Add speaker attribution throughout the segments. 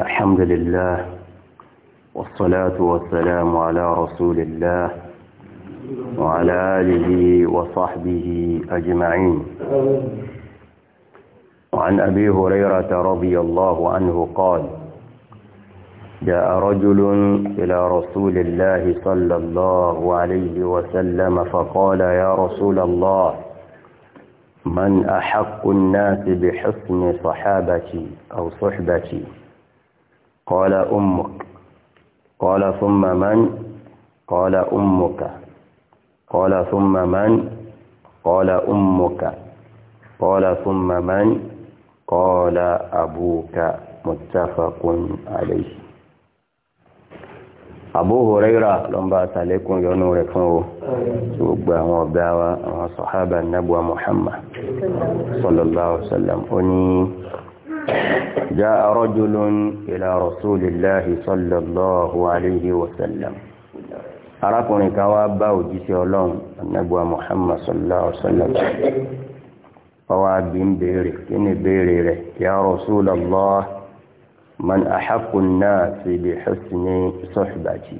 Speaker 1: الحمد لله والصلاة والسلام على رسول الله وعلى آله وصحبه أجمعين وعن أبي هريرة رضي الله عنه قال جاء رجل إلى رسول الله صلى الله عليه وسلم فقال يا رسول الله من أحق الناس بحسن صحابتي أو صحبتي قال أمك قال ثم من قال أمك قال ثم من قال أمك قال ثم من قال أبوك متفق عليه Abu Huraira ló ń bá sàlékún yọnú rẹ̀ fún o tí ó gba àwọn ọ̀gá àwọn sọ̀hábà nábúwa Muhammad sallallahu alaihi ó ní جاء رجل إلى رسول الله صلى الله عليه وسلم arákùnrin kan wá bá òjíṣẹ́ ọlọ́run anábùwà muhammad sallallahu alaihi wasallam ọwọ́ àbí ń béèrè kí ni béèrè rẹ̀ ya rasulallah man ahakun náà ti bi husni sohbati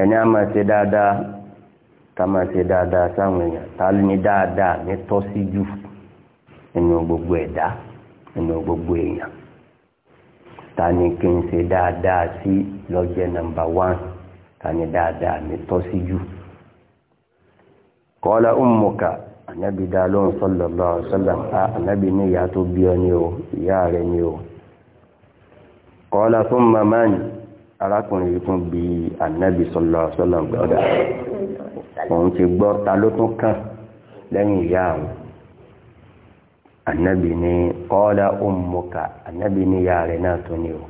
Speaker 1: ẹni a máa ṣe dáadáa ká máa ṣe dáadáa sáwọn èèyàn ta ni dáadáa ní tọ́síjú nínú gbogbo ẹ̀dá. E nínú gbogbo èèyàn ta ni kí n ṣe dáadáa sí lọ́jẹ́ nọmba wán ta ni dáadáa mi tọ́ sí jù kọ́lá ummuka anabi dá lóhùn sallallahu alaihi wasallam a anabi ní ìyá tó bí ọ ní o ìyá rẹ ní o kọ́lá thumma man arákùnrin yìí tún bí anabi sallallahu alaihi wasallam gbọ́dọ̀ òun ti gbọ́ ta ló tún kàn lẹ́yìn ìyá àwọn anabi ni kọ́lá ummuka anabi ni ya rẹ̀ náà tó ní o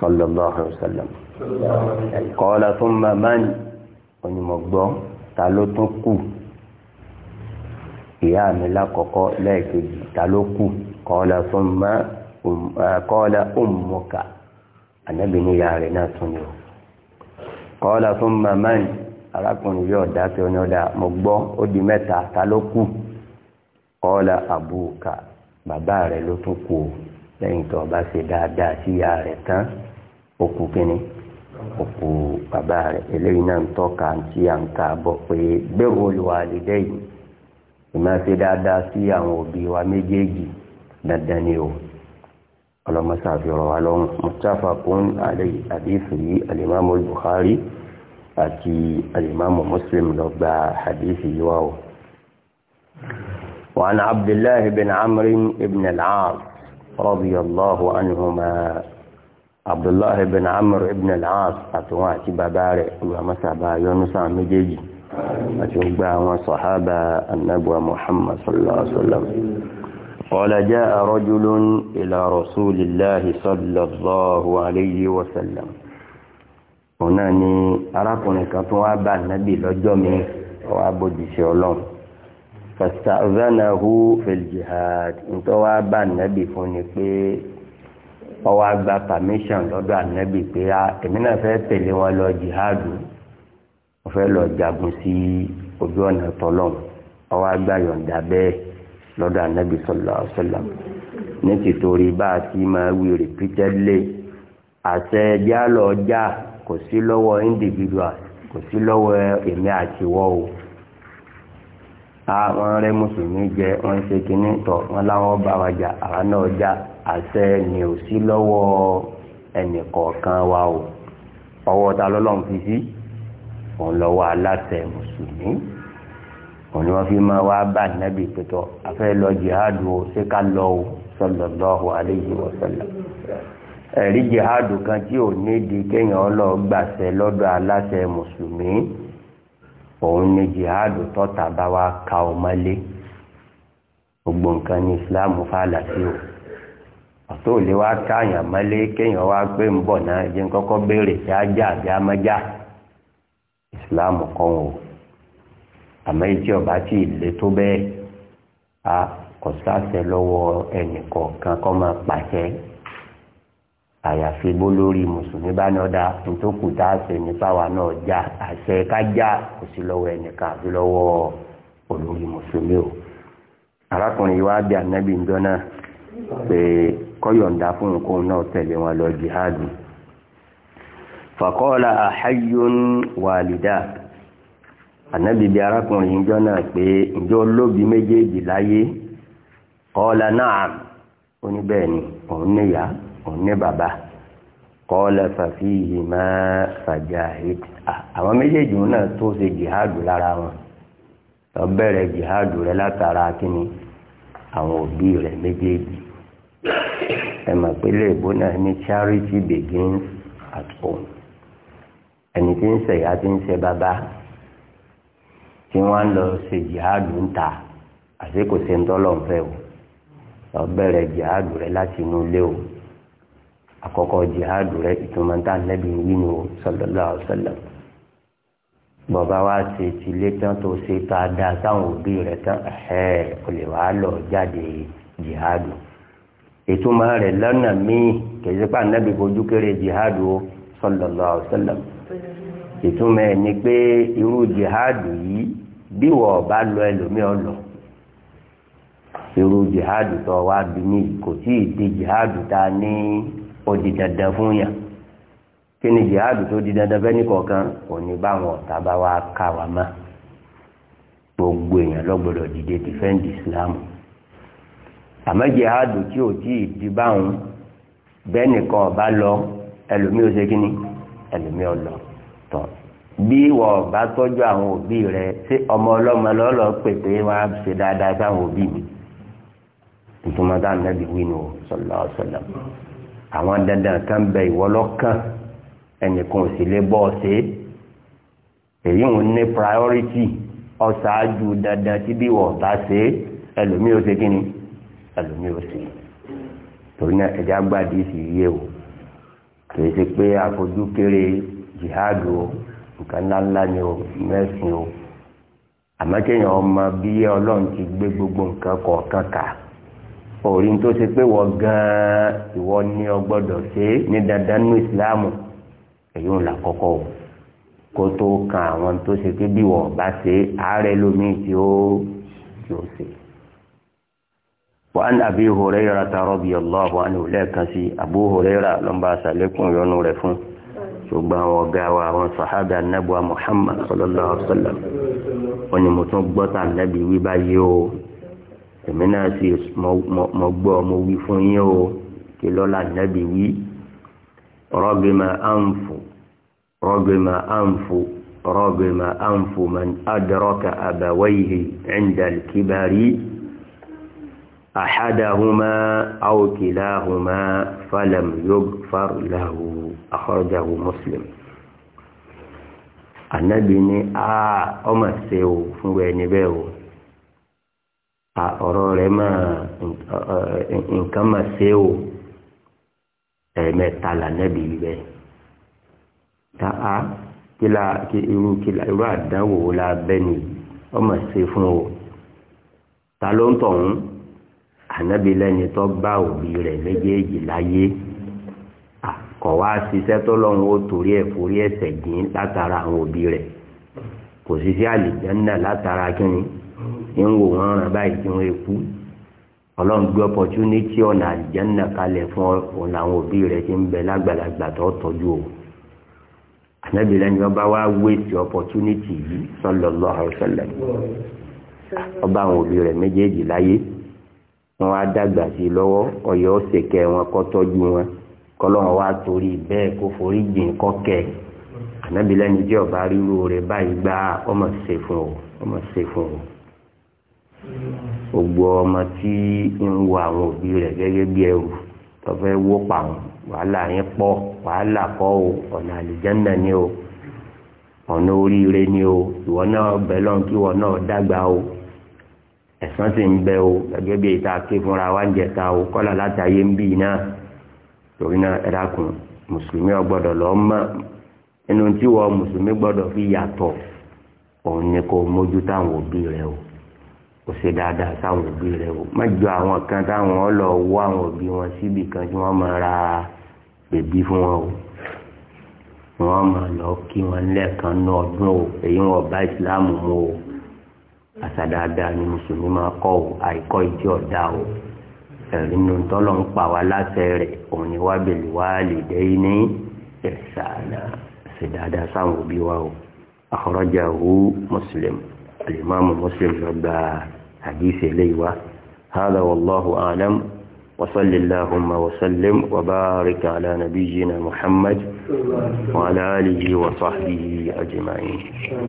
Speaker 1: sallallahu alaihi wasallam kọ́lá thumma man onímọ̀gbọ́ ta ló tún kù ìyá mi lákọ̀ọ́kọ́ lẹ́ẹ̀kejì ta ló kù kọ́lá thumma kọ́lá um- ah, ummuka anabi ni ya rẹ̀ náà tó ní o kọ́lá thumma man arákùnrin yóò dá pé oní ọ̀dà mọ̀gbọ́ ó di mẹ́ta ta ló kù kọ́lá àbúkà bàbá rẹ̀ ló tún kú o lẹ́yìn tó o bá ṣe dáadáa sí ìyá rẹ̀ tán ó kú kínní ó kú bàbá rẹ̀ eléyìí náà ń tọ́ka tí à ń ka bọ̀ pé bẹ́ẹ̀ wo lùwà yìí ìmọ̀ ṣe dáadáa sí àwọn òbí wa méjèèjì dandan ni o ọlọ́mọṣà fi rọ̀ wá lọ́rùn muttafaqun alayhi hadith yìí Bukhari àti al-Imam Muslim ló gba yìí wá o. وعن عبد الله بن عمرو بن العاص رضي الله عنهما عبد الله بن عمرو بن العاص أتواتي ببارئ ومسابا يونس مجيجي أتوبا وصحابة النبي محمد صلى الله عليه وسلم قال جاء رجل إلى رسول الله صلى الله عليه وسلم هنا أراكم كتوابا النبي لجومي وأبو جيش الله fasta'zanahu fil jihad ntọ́ wa bá nàbì fún ni pé ọwọ́ àgbà permission lọ́dọ̀ ànábì pé èmi náà fẹ́ tẹ̀lé wọn lọ jihad mo fẹ́ lọ jagun sí ojú ọ̀nà tọ́lọ́mù ọwọ́ àgbà yọ̀ǹda bẹ́ẹ̀ lọ́dọ̀ ànábì sallallahu alaihi wasallam ní tìtorí bá a ti máa wí repeatedly àṣẹ jálọ̀ ọjà kò sí lọ́wọ́ individual kò sí lọ́wọ́ èmi àtiwọ́ o àwọn rẹ mùsùlùmí jẹ wọn ṣe kínní tọ wọn láwọn bá wa jà àwa náà já àṣẹ ni ò sí lọ́wọ́ ẹnì kọ̀ọ̀kan wa o ọwọ́ ta lọ́lọ́run fi sí òun lọ́wọ́ aláṣẹ mùsùlùmí òun ni wọ́n fi máa wá bá nábì pẹ̀tọ́ afẹ́ lọ jihadu o ṣé ká lọ o sallallahu alayhi wa sallam ẹ̀rí jihadu kan tí ò ní di kéèyàn lọ gbàṣẹ lọ́dọ̀ aláṣẹ mùsùlùmí. òun ni jihad tọ́ta bá wa ka ọmọlé gbogbo nǹkan ní islam fàlà sí o ọ̀tọ́ ò lè wá káàyàn mọ́lé kéèyàn wá ń bọ̀ náà jẹ́ kọ́kọ́ béèrè islam kan o àmọ́ ọba tí ìlé tó bẹ́ẹ̀ a kò sáṣẹ lọ́wọ́ ẹnì kọ̀ọ̀kan kọ́ máa pàṣẹ àyàfi bó lórí mùsùlùmí bá ní ọ̀dà tá a nípa wa náà já àṣẹ kájá kò sí lọ́wọ́ ẹnìkan àti lọ́wọ́ o. arákùnrin wa bí anabi ńjọ náà pé kọ́yọ̀ǹda fún nǹkan náà tẹ̀lé wọn lọ jihadu. fàkọ́ọ̀lá àhayún wàlídà anabi bí arákùnrin ńjọ náà pé ǹjọ́ lóbi méjèèjì láyé kọ́ọ̀lá náà òní bàbá kọ́lẹ̀ fàfi yìí máa fàjà àwọn méjèèjì náà tó ṣe jihadu lára wọn lọ bẹ̀rẹ̀ jihadu rẹ látara kíni àwọn òbí rẹ méjèèjì ẹ mọ̀ pé náà ní charity begins at home ẹni tí ń ṣe ìyá tí ń ṣe bàbá tí wọ́n lọ ṣe jihadu ń ta àti kò ṣe ń tọ́lọ̀ ń fẹ́ o lọ bẹ̀rẹ̀ jihadu rẹ láti inú ilé o àkọ́kọ́ jihadu rẹ ìtumọ̀ tá nẹ́bí wínú sallallahu alaihi wasallam bọ̀bá wa ṣe ti lé tán tó ṣe tá a dá sáwọn òbí rẹ tán ẹ̀ ò lè wàá lọ jáde jihadu ìtumọ̀ rẹ̀ lọ́nà míì kèsì pa nẹ́bí fojú kéré jihadu sallallahu alaihi ìtumọ̀ ẹ̀ ni pé irú jihadu yìí bí wọ́n bá lọ ẹlòmíràn lọ irú jihadu tó wá bí ní kò tí ì di jihadu ta ní. O di dandan fún yàn kí ni jihadu tó di dandan fẹ́ nìkọ̀ọ̀kan ò ní báwọn ọ̀tá bá wá ká wa mọ́ gbogbo èèyàn lọ́gbọ́dọ̀ dìde defend islam àmọ́ jihadu tí ò tí ì di báwọn bẹ́ẹ̀ nìkan ọba lọ ẹlòmíì ó ṣe ẹlòmíì ó lọ bí wọ́n bá tọ́jú àwọn òbí rẹ̀ ṣé ọmọ ọlọ́mọ wá ṣe dáadáa sáwọn òbí mi àwọn dandan kan bẹ ìwọlọ́kàn ẹnìkan ò sì lè bọ́ ọ ṣe èyí ń ní priority ọ̀ṣáájú dandan tí bí wọ́n bá ṣe ẹlòmí ò ṣe kí ni ẹlòmí ò ṣe torí náà ẹja gbàdí sí iye o kìí ṣe pé àfojú kéré jihadu o nǹkan ńláńlá ni o mẹ́sìn o àmọ́ kéèyàn ọmọ bí ọlọ́run ti gbé gbogbo nǹkan kọ̀ọ̀kan kà. Ka orí tó ṣe pé wọ́n gan-an ìwọ ni ọ gbọ́dọ̀ ṣe ní dandan ní ìsìláàmù èyí ń là kọ́kọ́ o kó tó kan àwọn tó ṣe pé bí wọ́n bá ṣe ààrẹ lómi tí ó tí ó ṣe. وعن أبي هريرة رضي الله عنه لا كسي أبو هريرة لما سألكم ينورفون ṣùgbọ́n àwọn ọ̀gá wa àwọn sàhábà nẹ́bùa Muhammad sallallahu alaihi wasallam wọn ni mo tún gbọ́ èmi náà sì mọ gbọ́ mo wí fún yín o kí lọ́la nàbì wí rọ́gbìmọ̀ àǹfò rọ́gbìmọ̀ àǹfò rọ́gbìmọ̀ àǹfò man adraka abawayhi inda al-kibari ahadahuma aw kilahuma falam yughfar lahu akhrajahu muslim anabi ni a ọmọ ṣe o fún ẹni bẹ́ẹ̀ o ọ̀rọ̀ rẹ̀ máa nǹkan máa ṣe o ẹ̀ẹ̀mẹ́ta lànàbí rẹ̀ ta á kíla kí irú kíla irú àdánwò la bẹ́ni ọmọ ṣe fún o ta ló ń tọ̀hún ànábi lẹ́ni tó bá òbí rẹ̀ méjèèjì láyé kọ̀ wá ṣiṣẹ́ tó lọ́run ó torí ẹ̀ forí ẹ̀sẹ̀ jìn látara àwọn òbí rẹ̀ kò sí sí àlìjẹ́ náà látara kínní. ń wò wọ́n ràn báyìí tí wọ́n kú ọlọ́run gbé opportunity ọ̀nà àlìjánná kalẹ̀ fún ọ̀nà àwọn òbí rẹ̀ ti ń bẹ lágbàlagbà tó tọ́jú o ànábì lẹ́yìn ọba wa opportunity yìí ọba àwọn òbí rẹ̀ méjèèjì láyé wọn wá dàgbà sí lọ́wọ́ ọ̀yọ́ wọn kọ́ tọ́jú wọn wá torí bẹ́ẹ̀ kó forí jìn kọ́kẹ́ ànábì jẹ́ ọba ríru rẹ̀ báyìí gbá ọmọ ṣe fún ọ ọmọ ṣe fún gbogbo ọmọ tí ń wo àwọn òbí rẹ̀ gẹ́gẹ́ bí ẹrù tọ́fẹ́ wó pa àwọn wàhálà yẹn pọ̀ wàhálà kọ́ o ọ̀nà àlìjẹ́ndà ni o ọ̀nà oríire ni o ìwọ náà bẹ̀ lọ́n kí ìwọ náà dàgbà o ẹ̀sán sì ń bẹ o gẹ́gẹ́ bí ìta ké fúnra wa ń jẹta o kọ́là látàyé ń bì náà torí náà ẹ dákun mùsùlùmí ò lọ mọ̀ nínú tí wọ́n mùsùlùmí gbọ́dọ̀ fi yàtọ̀ òun ni kò mójú táwọn òbí rẹ o kò ṣe dáadáa sáwọn òbí rẹ o má jọ àwọn kan táwọn ọlọ wọ àwọn òbí wọn síbi kan tí wọn máa ra bèbí fún wọn o wọn máa lọ kí wọn lẹ́ẹ̀kan ní ọdún o èyí wọn bá ìsìláàmù mu o àṣà dáadáa ni mùsùlùmí máa kọ o àìkọ ìdí ọ̀dà o ẹ̀rí nu tọ́lọ̀ ń pa wá láṣẹ rẹ̀ òun ni wá bèlè wá lè dé ní ẹ̀sàánà ṣe dáadáa sáwọn òbí wa o àkọ́rọ́jà hu mùsùlùmí alimami mùsùlùmí lọ́gbàá. حديث ليوة هذا والله أعلم وصل اللهم وسلم وبارك على نبينا محمد وعلى آله وصحبه أجمعين